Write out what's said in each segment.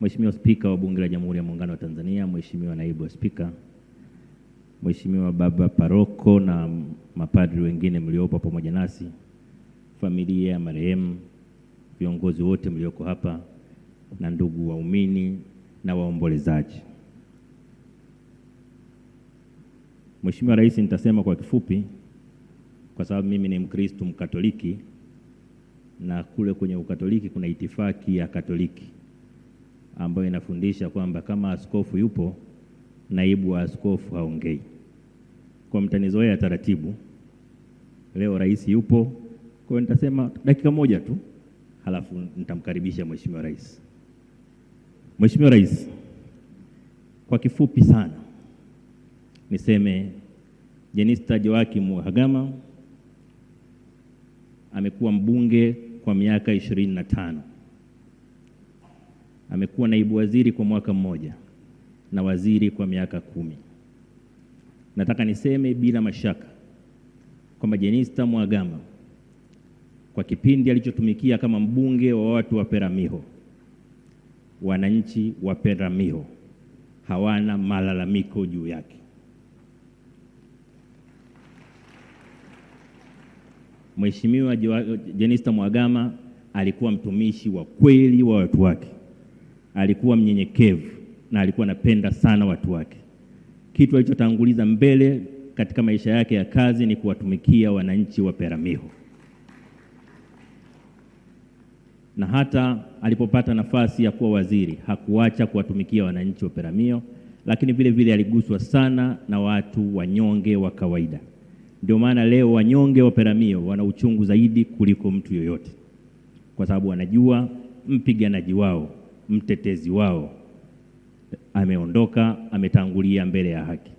Mheshimiwa Spika wa Bunge la Jamhuri ya Muungano wa Tanzania, Mheshimiwa Naibu wa Spika, Mheshimiwa Baba Paroko na mapadri wengine mliopo pamoja nasi, familia ya marehemu, viongozi wote mlioko hapa na ndugu waumini na waombolezaji. Mheshimiwa Rais, nitasema kwa kifupi kwa sababu mimi ni Mkristo Mkatoliki na kule kwenye Ukatoliki kuna itifaki ya Katoliki ambayo inafundisha kwamba kama askofu yupo, naibu wa askofu haongei. Kwa mtanizoea taratibu, leo rais yupo, kwa hiyo nitasema dakika moja tu, halafu nitamkaribisha mheshimiwa rais. Mheshimiwa Rais, kwa kifupi sana niseme Jenista Joakim Mhagama amekuwa mbunge kwa miaka ishirini na tano amekuwa naibu waziri kwa mwaka mmoja na waziri kwa miaka kumi. Nataka niseme bila mashaka kwamba Jenista Mhagama kwa kipindi alichotumikia kama mbunge wa watu wa Peramiho, wananchi wa Peramiho hawana malalamiko juu yake. Mheshimiwa Jenista Mhagama alikuwa mtumishi wa kweli wa watu wake alikuwa mnyenyekevu na alikuwa anapenda sana watu wake. Kitu alichotanguliza mbele katika maisha yake ya kazi ni kuwatumikia wananchi wa Peramiho, na hata alipopata nafasi ya kuwa waziri hakuacha kuwatumikia wananchi wa Peramiho, lakini vile vile aliguswa sana na watu wanyonge wa kawaida. Ndio maana leo wanyonge wa Peramiho wana uchungu zaidi kuliko mtu yoyote, kwa sababu wanajua mpiganaji wao mtetezi wao ameondoka, ametangulia mbele ya haki.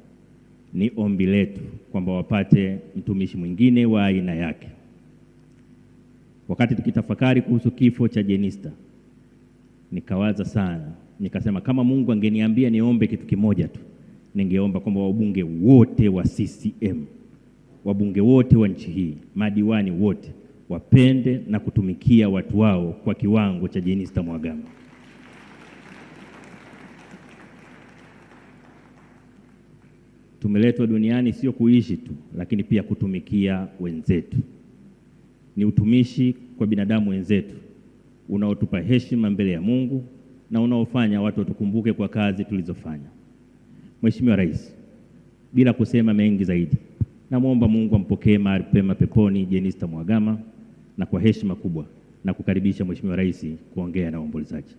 Ni ombi letu kwamba wapate mtumishi mwingine wa aina yake. Wakati tukitafakari kuhusu kifo cha Jenista, nikawaza sana, nikasema kama Mungu angeniambia niombe kitu kimoja tu, ningeomba kwamba wabunge wote wa CCM, wabunge wote wa nchi hii, madiwani wote wapende na kutumikia watu wao kwa kiwango cha Jenista Mhagama. Tumeletwa duniani sio kuishi tu, lakini pia kutumikia wenzetu. Ni utumishi kwa binadamu wenzetu unaotupa heshima mbele ya Mungu na unaofanya watu watukumbuke kwa kazi tulizofanya. Mheshimiwa Rais, bila kusema mengi zaidi, namwomba Mungu ampokee mahali pema peponi Jenista Mhagama na kwa heshima kubwa na kukaribisha Mheshimiwa Rais kuongea na waombolezaji.